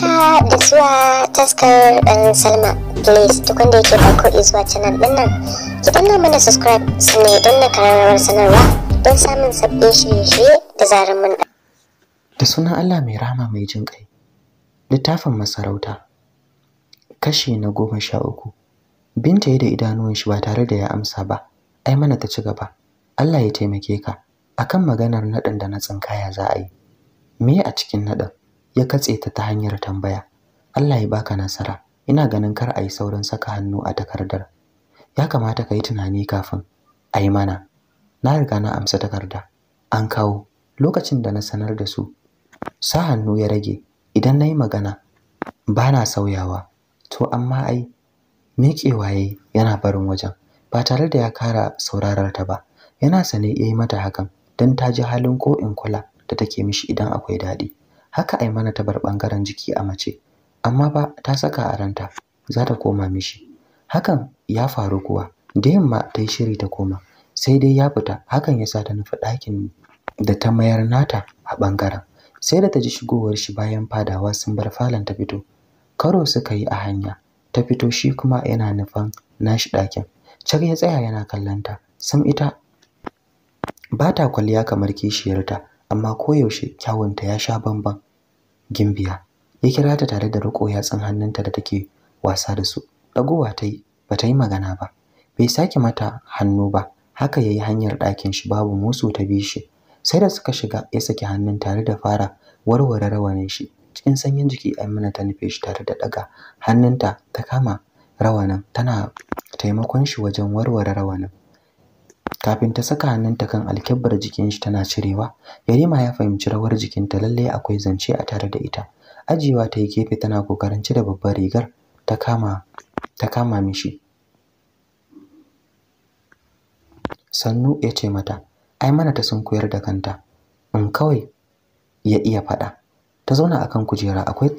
haka ah, da zuwa taskar ɗan um, salma please duk wanda yake farko izuwa canal ɗin nan ki danna mana subscribe sannan don na kararrawar sanarwa don samun sabbin shirye-shirye da zarar mun da sunan allah mai rama mai jin kai littafin masarauta kashi na goma sha uku binta da idanuwan shi ba tare da ya amsa ba ai mana ta ci gaba allah ya taimake ka akan maganar naɗin da na tsinkaya za a yi me a cikin naɗin ya katse ta ta hanyar tambaya Allah ya baka nasara ina ganin kar a yi saurin saka hannu a takardar ya kamata ka yi tunani kafin a yi mana na riga na amsa takarda an kawo lokacin da na sanar da su sa hannu ya rage idan na yi magana ba na sauyawa to amma ai miƙewa ya yana barin wajen ba tare da ya kara saurarar ta ba yana sane ya yi mata hakan don ta ji halin ko in kula da take mishi idan akwai daɗi haka mana ta bar bangaren jiki a mace amma ba ta saka a ranta za ta koma mishi hakan ya faru kuwa da yamma ta yi shiri ta koma sai dai ya fita hakan ya sa ta nufi ɗakin da ta mayar nata a bangaren sai da ta ji shigowar shi bayan fadawa sun bar falon ta fito karo suka yi a hanya ta fito shi kuma yana nufan nashi ɗakin cak ya tsaya yana kallon ta sam ita ba ta kwalliya kamar kishiyarta amma koyaushe kyawunta ya sha bamban gimbiya ya kira ta tare da riko yatsun hannunta da take wasa da su ɗagowa ta yi ba ta yi magana ba bai sake mata hannu ba haka ya yi hanyar ɗakin shi babu musu ta bi shi sai da suka shiga ya saki hannun tare da fara warware rawanin shi cikin sanyin jiki amina ta nufe shi tare da ɗaga hannunta ta kama rawanin tana taimakon shi wajen warware rawanin kafin ta saka hannunta kan alkebbar jikin shi tana cirewa yarima ya fahimci rawar jikinta lallai akwai zance a tare da ita ajiyewa ta yi gefe tana kokarin cire babbar rigar ta kama ta kama mishi sannu ya ce mata ai mana ta sun koyar da kanta in kawai ya iya faɗa ta zauna akan kujera akwai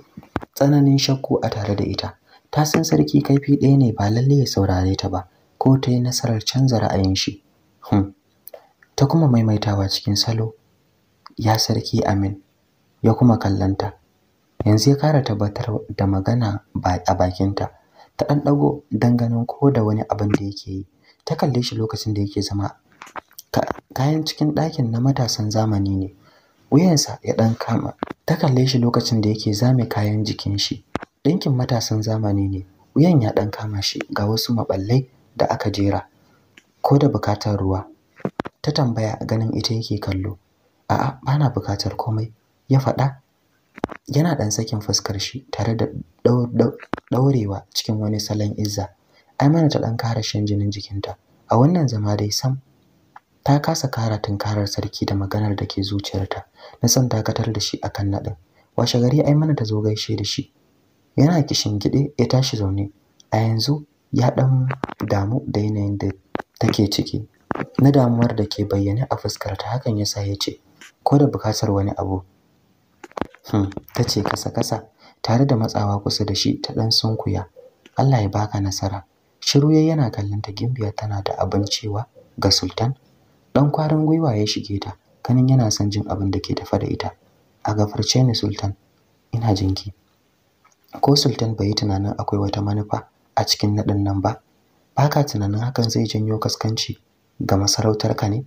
tsananin shakku a tare da ita ta san sarki kaifi ɗaya ne ba lallai ya saurare ta ba ko ta yi nasarar canza ra'ayin shi hmm. ta kuma maimaitawa cikin salo ya sarki amin ya kuma kallanta yanzu ya kara tabbatar da magana a bakinta ta dan dago danganin ko da wani abin da yake yi ta kalle shi lokacin da yake zama kayan cikin ɗakin na matasan zamani ne wuyansa ya dan kama ta kalle shi lokacin da yake zame kayan jikin shi ɗinkin matasan zamani ne wuyan ya dan kama shi ga wasu maɓallai da aka jera ko da bukatar ruwa ta tambaya ganin ita yake kallo a'a bana bukatar komai ya faɗa yana ɗan sakin fuskar shi tare da daurewa cikin wani salon izza Ai mana ta ɗan kara shan jinin jikinta a wannan zama dai sam ta kasa kara tunkarar sarki da maganar da ke zuciyarta na san dakatar da shi akan nadin washe gari mana ta zo gaishe da shi yana kishin gide ya tashi zaune a yanzu ya dan damu da yanayin da take ciki na damuwar da ke bayyane a fuskarta hakan yasa ya ce ko da bukatar wani abu hmm, ta ce kasa-kasa tare da matsawa kusa da shi ta ɗan sunkuya Allah ya baka nasara shiru yayi yana kallon ta gimbiya tana da abin cewa ga sultan dan kwarin gwiwa ya shige ta kanin yana son jin abin da ke tafa da ita a gafarce ni sultan ina jinki ko sultan bai yi tunanin akwai wata manufa a cikin naɗin nan ba baka tunanin hakan zai janyo kaskanci ga masarautar ka ne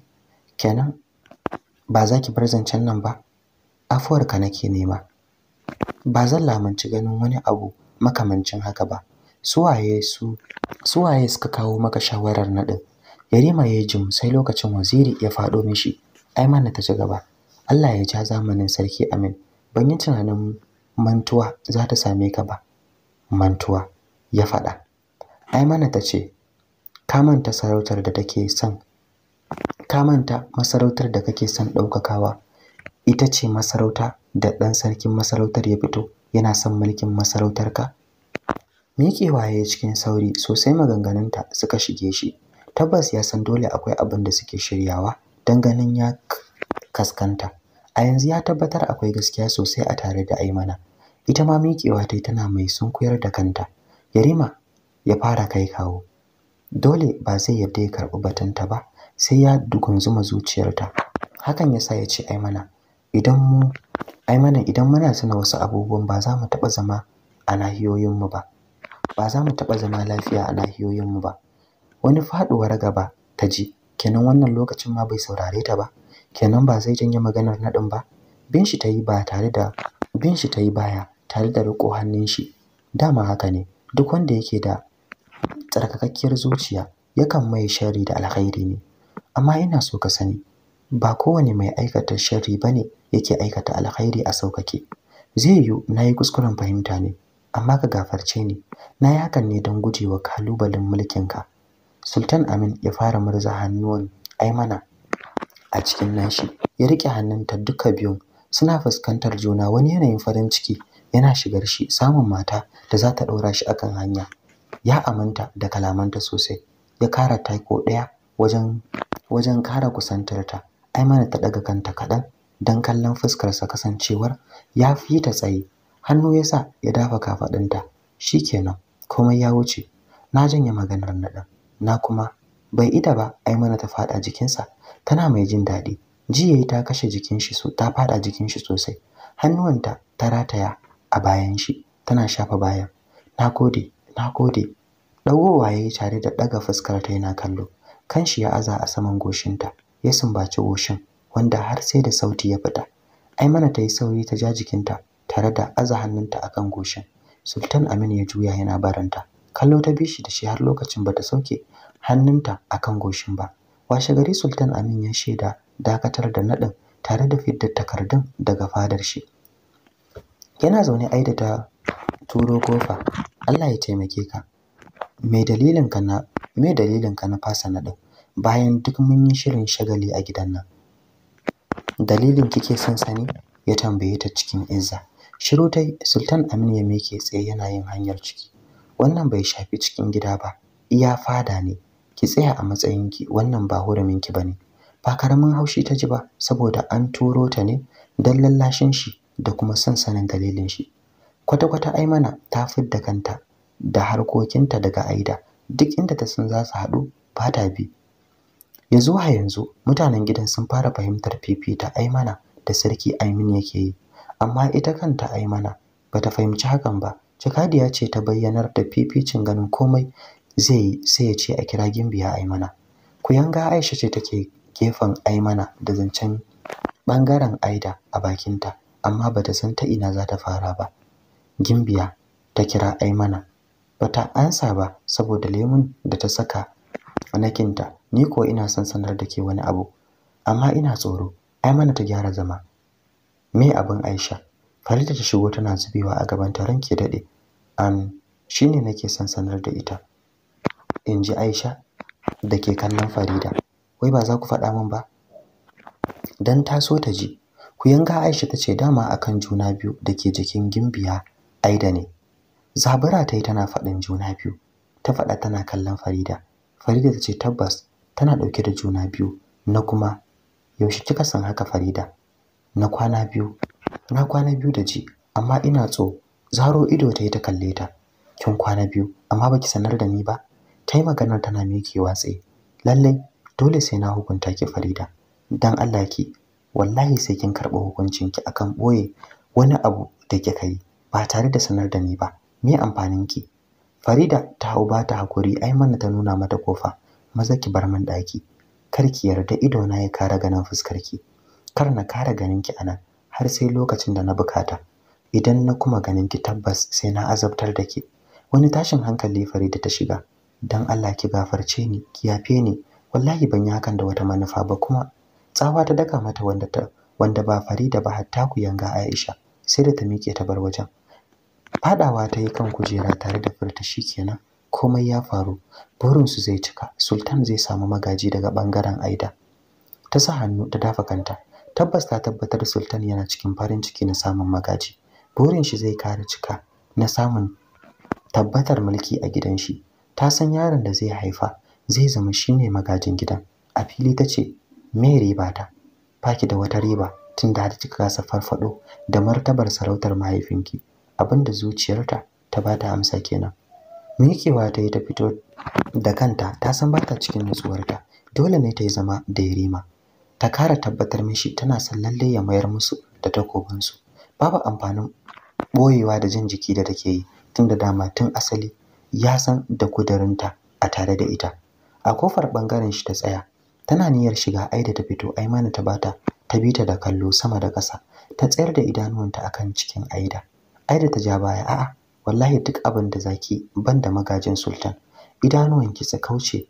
kenan ba za ki bar zancen nan ba afuwarka nake nema ba zan lamunci ganin wani abu makamancin haka ba su waye suka kawo maka shawarar naɗin yarima ya jim sai lokacin waziri ya faɗo mishi ai mana ta ci gaba Allah ya ja zamanin sarki amin ban yi tunanin mantuwa za ta same ka ba mantuwa ya faɗa ai mana ta ce ka manta sarautar da take son ka manta masarautar da kake son ɗaukakawa ita ce masarauta da ɗan sarkin masarautar ya fito yana son mulkin masarautarka miƙewa ya cikin sauri sosai maganganunta suka shige shi tabbas ya san dole akwai abin da suke shiryawa don ganin ya kaskanta a yanzu ya tabbatar akwai gaskiya sosai a tare da aimana ita ma miƙewa ta tana mai sunkuyar da kanta yarima ya fara kai kawo dole ba zai yarda ya karɓi batunta ba sai ya dugunzuma zuciyarta hakan yasa ya ce ai mana idan mu ai mana idan muna suna wasu abubuwan ba za mu taɓa zama a nahiyoyinmu ba ba za mu taɓa zama lafiya a nahiyoyinmu ba wani faɗuwar gaba ta ji kenan wannan lokacin ma bai saurare ta ba kenan ba zai janye maganar naɗin ba bin shi ta yi ba tare da bin shi ta baya tare da riƙo hannun shi dama haka ne duk wanda yake da tsarkakakkiyar zuciya yakan mai sharri da alkhairi ne amma ina so ka sani ba kowane mai aikata sharri bane yake aikata alkhairi a saukake zai yiwu na yi kuskuren fahimta ne amma ka gafarce ni na yi hakan ne don gujewa kalubalen mulkinka sultan amin ya fara murza hannuwan aimana a cikin nashi ya riƙe hannunta duka biyun suna fuskantar juna wani yanayin farin ciki yana shigar shi samun mata da za ta ɗora shi akan hanya ya aminta da kalamanta sosai ya kara taiko ɗaya wajen wajen kara kusantar ta mana ta daga kanta kaɗan don kallon fuskarsa kasancewar ya fi ta tsaye hannu ya sa ya dafa kafaɗinta shikenan komai ya wuce na janye maganar na na kuma bai ita ba ai mana ta faɗa jikinsa tana mai jin daɗi yayi ta kashe jikin shi so ta faɗa jikin shi sosai hannuwanta ta rataya a bayan shi tana shafa bayan Na gode. na gode ɗagowa ya yi tare da ɗaga fuskarta yana kallo Kan shi ya aza a saman goshinta ya sumbaci goshin wanda har sai da sauti ya fita mana ta yi sauri ta ja jikinta tare da aza hannunta a kan goshin sultan amin ya juya yana baranta kallo ta bi shi da shi har lokacin ba ta sauke hannunta a kan goshin ba washe gari sultan amin ya shaida dakatar da naɗin tare da fidda takardun daga fadar shi yana zaune aida ta turo kofa Allah ya taimake ka me dalilin ka na me dalilin ka na fasa din bayan duk mun yi shirin shagali a gidan nan dalilin kike son sani ya tambaye ta cikin izza shiru tai sultan amin ya meke tsaye yana yin hanyar ciki wannan bai shafi cikin gida ba iya fada ne ki tsaya a matsayinki wannan ba huruminki bane ba karamin haushi ta ji ba saboda an turo ta ne don lallashin shi da kuma son sanin dalilin shi kwata-kwata aimana ta fidda kanta da harkokinta daga aida duk inda ta san za su haɗu ba ta bi ya zuwa yanzu mutanen gidan sun fara fahimtar fifita aimana da sarki aimin yake yi amma ita kanta aimana ba ta fahimci hakan ba jakadiya ce ta bayyanar da fificin ganin komai zai yi sai ya ce a kira gimbiya aimana yanga aisha ce take gefen aimana da zancen bangaren aida a bakinta amma bata san ta ina za ta fara ba gimbiya ta kira aimana bata ansa ba saboda lemun da ta saka a nakinta ni ko ina son sanar da ke wani abu amma ina tsoro aimana ta gyara zama me abin aisha farida ta shigo tana zubewa a gaban taron ke dade an shine nake son sanar da ita In ji aisha da ke kallon farida wai ba za ku faɗa min ba dan taso ta ji ku yanga aisha ta ce dama akan juna biyu da ke jikin gimbiya Aida ne zabura ta yi tana faɗin juna biyu ta faɗa tana kallon Farida Farida ta ce tabbas tana ɗauke da juna biyu na kuma yaushe kika san haka Farida na kwana biyu na kwana biyu da ji amma ina tso zaro ido ta yi ta kalle ta kin kwana biyu amma baki sanar da ni ba ta yi maganar tana mikewa tsaye lallai dole sai na hukunta ki Farida dan Allah ki wallahi sai kin karɓi hukuncinki akan ɓoye wani abu da kika yi ba tare da sanar da ni ba me amfanin ki Farida ta hau ba ta hakuri ai mana ta nuna mata kofa maza ki bar min daki kar ki yarda ido na ya kara ganin fuskar ki kar na kara ganin ki anan har sai lokacin da na bukata idan na kuma ganin ki tabbas sai na azabtar da ki wani tashin hankali Farida ta shiga dan Allah ki gafarce ni ki yafe ni wallahi ban yi hakan da wata manufa ba kuma tsawa ta daka mata wanda ta wanda ba Farida ba hatta ku yanga Aisha sai da ta miƙe ta bar wajen faɗawa ta yi kan kujera tare da furta kenan, komai ya faru burinsu zai cika sultan zai samu magaji daga bangaren aida ta sa hannu ta dafa kanta tabbas ta tabbatar sultan yana cikin farin ciki na samun magaji burin shi zai kare cika na samun tabbatar mulki a gidan shi ta san yaron da zai haifa zai zama shine magajin gidan a fili ta ce me riba ta faki da wata riba tun da har kika gasa farfado da martabar sarautar mahaifinki abinda zuciyarta ta ba ta amsa kenan mikewa ta yi ta fito da kanta ta san ba ta cikin nutsuwarta dole ne ta yi zama da yarima ta kara tabbatar mishi tana san lallai ya mayar musu da takobinsu babu amfanin boyewa da jin jiki da take yi tun da dama tun asali ya san da kudurinta a tare da ita a kofar bangaren shi ta tsaya tana niyyar shiga ai da ta fito ai mana ta bata ta bi ta da kallo sama da ƙasa ta tsayar da idanuwanta akan cikin aida ai da ta ja baya a'a wallahi duk abin da zaki ban da magajin sultan Idanuwan ki su kauce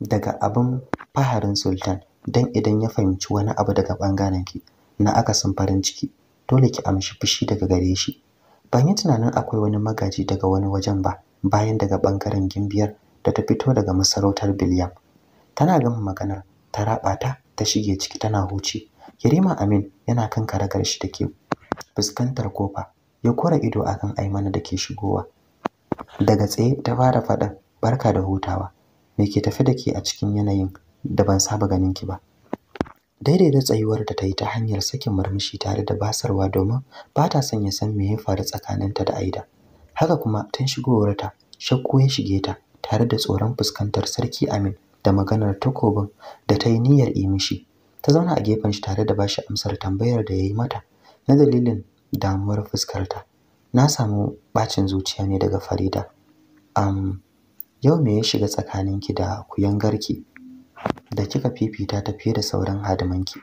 daga abin faharin sultan dan idan ya fahimci wani abu daga bangaren ki na akasin farin ciki dole ki amshi fushi daga gare shi ban yi tunanin akwai wani magaji daga wani wajen ba bayan daga bangaren gimbiyar da ta fito daga masarautar biliyam tana gama maganar ta raba ta ta shige ciki tana huce Yarima Amin yana kan karagar shi da ke fuskantar kofa ya kora ido akan Aimana da ke shigowa. Daga tsaye ta fara faɗa barka da hutawa. Me ke tafi da ke a cikin yanayin da ban saba ganin ki ba? da tsayuwar da ta yi ta hanyar sakin murmushi tare da basarwa domin ba ta son ya san me ya faru tsakaninta da Aida. Haka kuma tun shigowarta shakku ya shige ta tare da tsoron fuskantar Sarki Amin da maganar takobin da ta yi niyyar imishi, Ta zauna a gefen shi tare da bashi amsar tambayar da ya yi mata na dalilin damuwar fuskarta na samu bacin zuciya ne daga farida um, yau me ya shiga tsakaninki da kuyangarki da kika fifita ta fiye da sauran hadimanki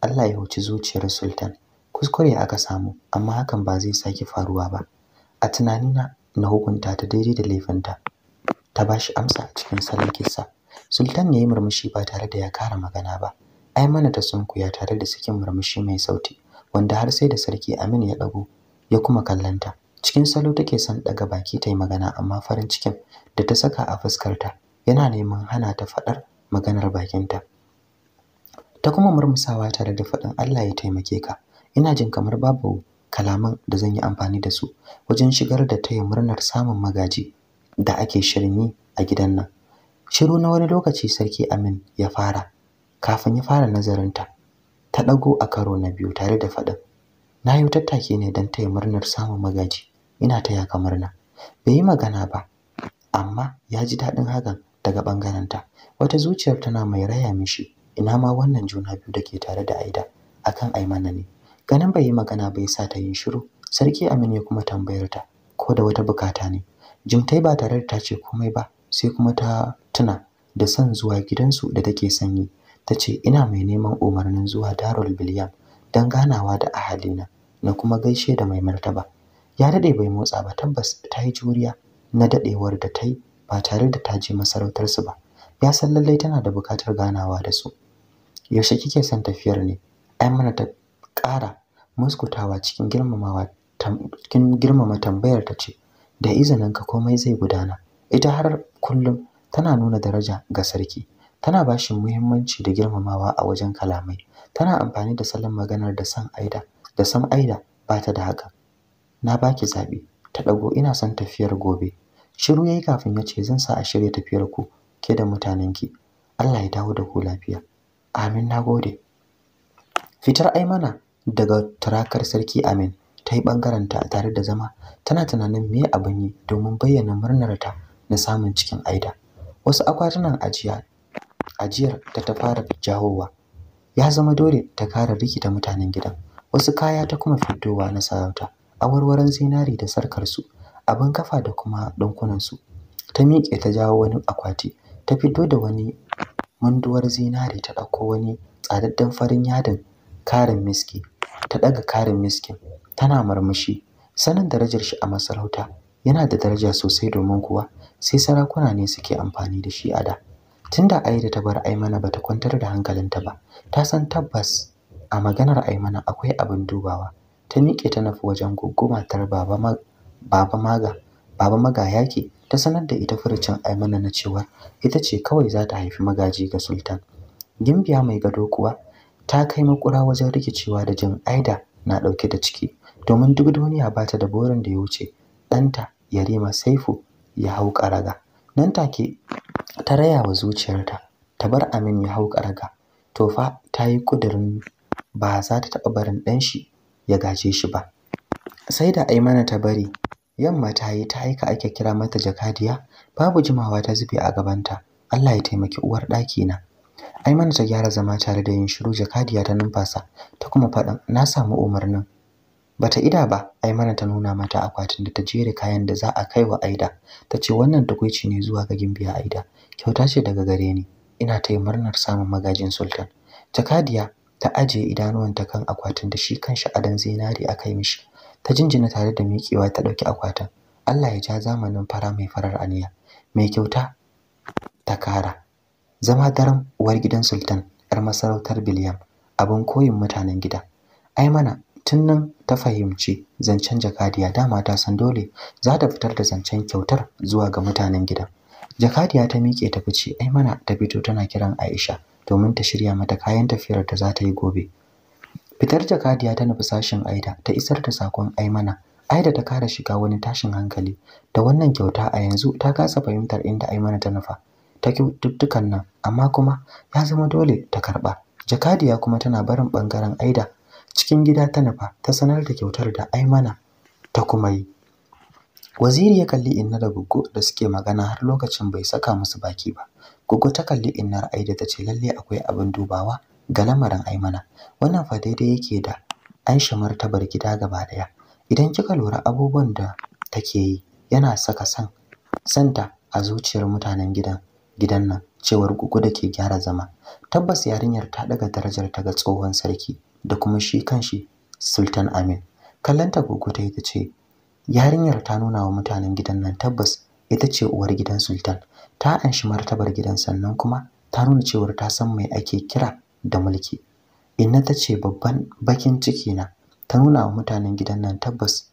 Allah ya huci zuciyar sultan kuskure aka samu amma hakan ba zai sake faruwa ba a tunanina na hukunta ta daidai da laifinta ta bashi amsa a cikin salon kissa sultan ya yi murmushi ba tare da ya kara magana ba ai mana ta sunkuya tare da sakin murmushi mai sauti wanda har sai da sarki Amin ya dago ya kuma kallanta cikin salo take son daga baki ta yi magana amma farin cikin da ta saka a fuskarta yana neman hana ta faɗar maganar bakinta ta kuma murmusawa tare da faɗin Allah ya taimake ka ina jin kamar babu kalaman da zan yi amfani da su wajen shigar da taya murnar samun magaji da ake shirin yi a gidan nan shiru na wani lokaci sarki Amin ya fara kafin ya fara nazarinta ta ɗago a karo na biyu tare da faɗin na yi tattaki ne don taya murnar samun magaji ina taya ka murna bai yi magana ba amma ya ji daɗin hakan daga ɓangarenta wata zuciyar tana mai raya mishi ina ma wannan juna biyu da ke tare da aida akan aimana ne ganin bai yi magana bai sa ta yin shiru sarki amin ya kuma tambayar ta ko da wata bukata ne jimtai ba tare da ta ce komai ba sai kuma ta tuna da son zuwa gidansu da take sanyi ta ce ina mai neman umarnin zuwa Darul Biliyam don ganawa da ahalina na kuma gaishe da mai martaba. Ya daɗe bai motsa ba tabbas ta yi juriya na daɗewar da ta yi ba tare da ta je masarautarsu ba. Ya san lallai tana da buƙatar ganawa da su. Yaushe kike son tafiyar ne? Ai mana ta ƙara muskutawa cikin girmamawa cikin girmama tambayar ta ce da izinin ka komai zai gudana. Ita har kullum tana nuna daraja ga sarki tana ba shi muhimmanci da girmamawa a wajen kalamai tana amfani da salon maganar da san aida da san aida ba ta da haka na baki zabi ta dago ina son tafiyar gobe shiru yayi kafin ya ce zan sa a shirya tafiyar ku ke da mutanen ki. Allah ya dawo da ku lafiya amin na gode. fitar aimana daga turakar sarki amin ta yi ɓangaranta tare da zama tana tunanin me abin yi domin bayyana murnar ta na samun cikin aida wasu akwatunan ajiya ajiyar da ta fara jawowa ya zama dole ta kara rikita mutanen gidan wasu kaya ta kuma fitowa na sarauta awarwaron zinari da sarkar su abin kafa da kuma ɗankunan su ta miƙe ta jawo wani akwati ta fito da wani munduwar zinari ta ɗauko wani tsadaddan farin yadin karin miski ta ɗaga karin miskin tana murmushi sanin darajar shi a masarauta yana da daraja sosai domin kuwa sai sarakuna ne suke amfani da shi a da tunda Aida ta bar Aimana bata kwantar da hankalinta ba ta san tabbas a maganar Aimana akwai abin dubawa ta miƙe ta nufi wajen goggo matar baba ma maga baba maga yake ta sanar da ita furucin Aimana na cewa ita ce kawai za ta haifi magaji ga sultan gimbiya mai gado kuwa ta kai makura wajen rikicewa da jin Aida na ɗauke da ciki domin duk duniya ba ta da burin da ya wuce ɗanta Yarima Saifu ya hau ƙaraga nan take ta raya wa zuciyarta ta bar Amin ya hau ƙarga to fa ta yi ƙudurin ba za ta taɓa barin ɗan shi ya gaje shi ba sai da Aimana ta bari yamma ta yi ta aika ake kira mata jakadiya babu jimawa ta zube a gabanta Allah ya taimaki uwar ɗaki na Aimana ta gyara zama tare da yin shiru jakadiya ta numfasa ta kuma faɗan na samu umarnin bata ida ba ai mana ta nuna mata akwatin da ta jere kayan da za a kai wa Aida tace wannan takuici ne zuwa ga Gimbiya Aida kyauta ce daga gare ni ina ta murnar samun magajin sultan Jakadiya ta ajiye idanuwanta kan akwatin da shi kanshi adan zinari yi mishi ta jinjina tare da miƙewa ta ɗauki akwatin Allah ya ja zamanin fara mai farar aniya mai kyauta ta kara zama daren uwar gidan sultan 'yar masarautar Biliyam abin koyin mutanen gida Ai mana, tun nan ta fahimci zancen jakadiya dama ta san dole za ta fitar da zancen kyautar zuwa ga mutanen gidan jakadiya ta miƙe ta fice ai mana ta fito tana kiran aisha domin ta shirya mata kayan tafiyar da za ta yi gobe fitar jakadiya ta nufi sashin aida ta isar da sakon mana, aida ta kara shiga wani tashin hankali da wannan kyauta a yanzu ta kasa fahimtar inda ai mana ta nufa ta kyaututtukan nan amma kuma ya zama dole ta karɓa jakadiya kuma tana barin ɓangaren aida cikin gida ta nufa ta sanar da kyautar da aimana ta kuma yi waziri ya kalli inna da gugu da suke magana har lokacin bai saka musu baki ba gugu ta kalli inna aida ta ce lalle akwai abin dubawa ga lamarin aimana wannan fa daidai yake da an martabar gida gaba daya idan kika lura abubuwan da take yi yana saka san santa a zuciyar mutanen gidan gidan nan cewar gugu da ke gyara zama tabbas yarinyar ta daga darajar ta ga tsohon sarki da kuma shi kanshi sultan amin kallanta gugu ta ita ce yarinyar ta nuna wa mutanen gidan nan tabbas ita ce uwar gidan sultan ta anshi martabar gidan sannan kuma ta nuna cewar ta san mai ake kira da mulki inna ta ce babban bakin ciki na ta nuna wa mutanen gidan nan tabbas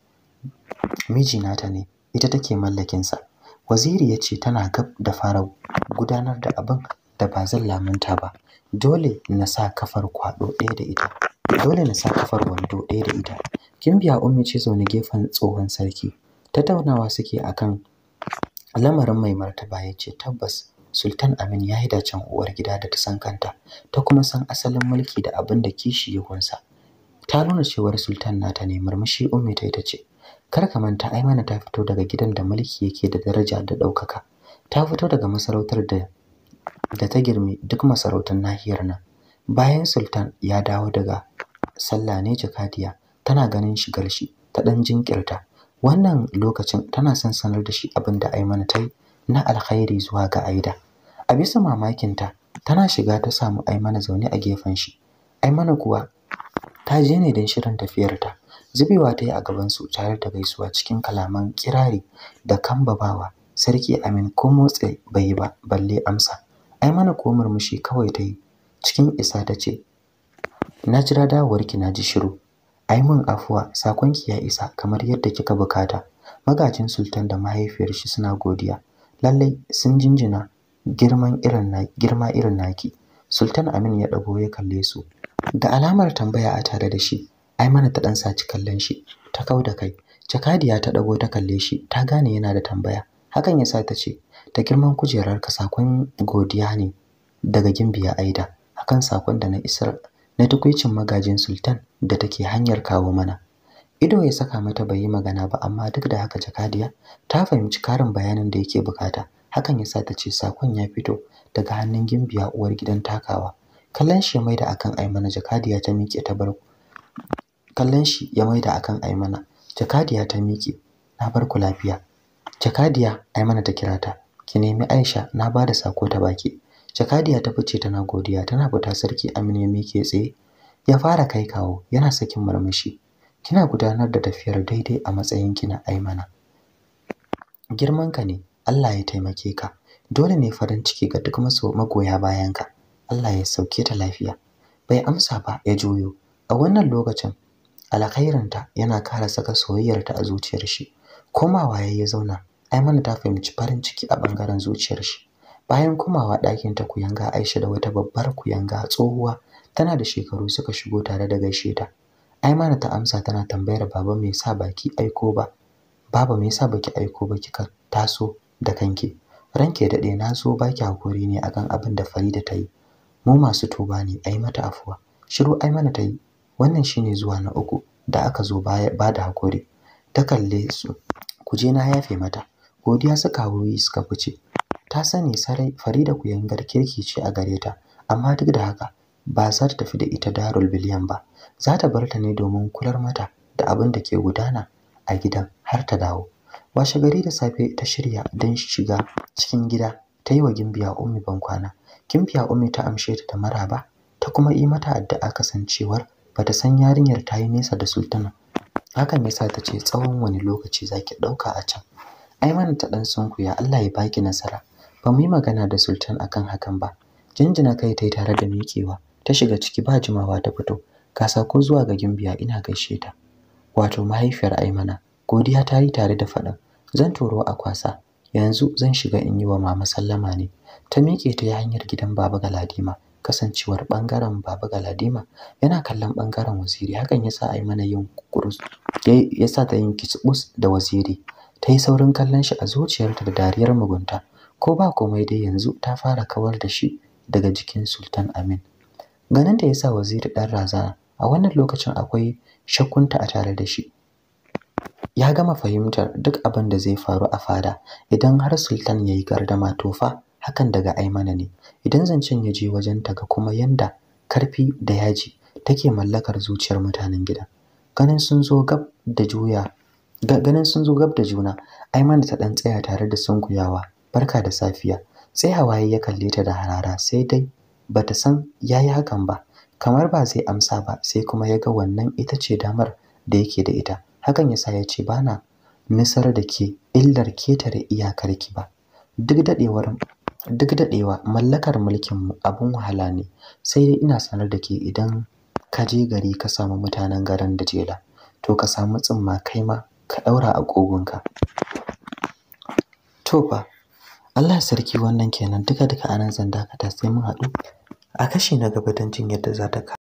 mijinata ne ita take mallakinsa Waziri ya ce tana gab da fara gudanar da abin da ba zan lamunta ba. Dole na sa kafar kwado ɗaya da ita. Dole na sa kafar wando ɗaya da ita. Gimbiya Ummi ce zaune gefen tsohon sarki. Tattaunawa suke akan lamarin mai martaba ya ce tabbas Sultan Amin ya yi dacen uwar gida da ta san kanta, ta kuma san asalin mulki da abin da kishi ya kunsa. Ta nuna cewar Sultan nata ne murmushi Ummi ta ita ce. kar ka manta Aimana ta fito daga gidan da mulki yake da daraja da ɗaukaka ta fito daga masarautar da da ta girme duk masarautar nahiyar nan bayan sultan ya dawo daga sallah ne jakadiya tana ganin shigar shi ta dan jinkirta wannan lokacin tana son sanar da shi abin da Aimana ta yi na alkhairi zuwa ga Aida a bisa mamakinta tana shiga ta samu Aimana zaune a gefen shi Aimana kuwa ta je ne don shirin tafiyarta zubewa ta yi a gabansu tare da gaisuwa cikin kalaman kirari da kambabawa sarki amin ko motsa bai yi ba balle amsa ai mana ko murmushi kawai ta yi cikin isa ta ce na jira ki na ji shiru ai mun afuwa ki ya isa kamar yadda kika bukata magajin sultan da mahaifiyar shi suna godiya lallai sun jinjina girman irin na girma irin naki sultan amin ya dago ya kalle su da alamar tambaya a tare da shi Ai mana ta dan saci kallon shi ta kau da kai jakadiya ta dago ta kalle shi ta gane yana da tambaya hakan yasa ta ce ta girman kujerar ka sakon godiya ne daga Gimbiya Aida akan sakon da na isar na tukwicin magajin sultan da take hanyar kawo mana ido ya saka mata bai yi magana ba amma duk da haka jakadiya ta fahimci karin bayanin da yake bukata hakan yasa ta ce sakon ya fito daga hannun Gimbiya uwar gidan takawa kallon shi mai da akan Aimana jakadiya ta miƙe ta bar kallon shi ya maida akan Aimana jakadiya ta miƙe na bar ku lafiya jakadiya Aimana ta kira ta ki nemi Aisha na ba da sako ta baki jakadiya ta fice tana godiya tana fita sarki Aminu ya miƙe tsaye ya fara kai kawo yana sakin murmushi kina gudanar da tafiyar daidai a matsayin kina Aimana girman ka ne Allah ya taimake ka dole ne farin ciki ga duk maso magoya bayanka Allah ya sauke ta lafiya bai amsa ba ya juyo a wannan lokacin alkhairinta yana ƙara saka soyayyarta a zuciyar shi komawa yayi ya zauna Aimana ta fahimci farin ciki a bangaren zuciyar shi bayan komawa ɗakin ta kuyanga Aisha da wata babbar kuyanga tsohuwa tana da shekaru suka shigo tare da gaishe ta Aimana ta amsa tana tambayar baba me yasa baki aiko ba baba me yasa baki aiko ba kika taso da kanki ranke dade na zo baki hakuri ne akan abin da Farida ta yi mu masu tuba ne ai mata afuwa shiru Aimana ta yi wannan shine zuwa na uku da aka zo ba da hakuri ta kalle su kuje na yafe mata godiya suka yi suka fice ta sani sarai Farida kuyangar kirki ce a gare ta amma duk da haka ba za ta tafi da ita Darul Biliyan ba za ta bar ta ne domin kular mata da abin da ke gudana a gidan har ta dawo washe gari da safe ta shirya don shiga cikin gida ta yi wa gimbiya ummi bankwana gimbiya ummi ta amshe ta da maraba ta kuma yi mata addu'a kasancewar bata san yarinyar ta yi nesa da sultana hakan yasa ta ce tsawon wani lokaci zaki dauka a can ai mana ta dan sunkuya Allah ya baki nasara ba mu yi magana da sultan akan hakan ba jinjina kai tai tare da mikewa ta shiga ciki ba jimawa ta fito ka sako zuwa ga gimbiya ina gaishe ta wato mahaifiyar aimana godiya ta yi tare da faɗin zan toro a kwasa yanzu zan shiga in yi wa mama sallama ne ta miƙe ta yi hanyar gidan baba galadima kasancewar ɓangaren Baba Galadima yana kallon bangaren waziri, hakan yasa mana yin kurus yasa ta yin kitsbus da waziri. ta yi saurin kallon shi a zuciyarta da dariyar mugunta ko ba komai dai yanzu ta fara kawar da shi daga jikin Sultan Amin ganin da yasa waziri dan razana a wannan lokacin akwai shakunta a tare da shi ya gama fahimtar duk abin da zai faru a fada idan har sultan yayi gardama tofa hakan daga Aimana ne idan zancen ya je wajenta ga kuma yanda karfi da yaji take mallakar zuciyar mutanen gida, ganin sun zo gab da juya ganin sun zo gab da juna Aimana ta dan tsaya tare da sunkuyawa barka da safiya sai hawaye ya kalle ta da harara sai dai bata san yayi hakan ba kamar ba zai amsa ba sai kuma ya ga wannan ita ce damar da yake da ita hakan ya sa ya ce bana nisar da ke illar ketare ki ba duk dadewar duk daɗewa mallakar mulkinmu abin wahala ne sai dai ina sanar da ke idan ka je gari ka samu mutanen garin da jela to ka samu tsumma kai ma ka ɗaura a kogonka. to fa Allah sarki wannan kenan duka duka anan zan dakata sai mun haɗu a kashi na gaba don jin yadda za ta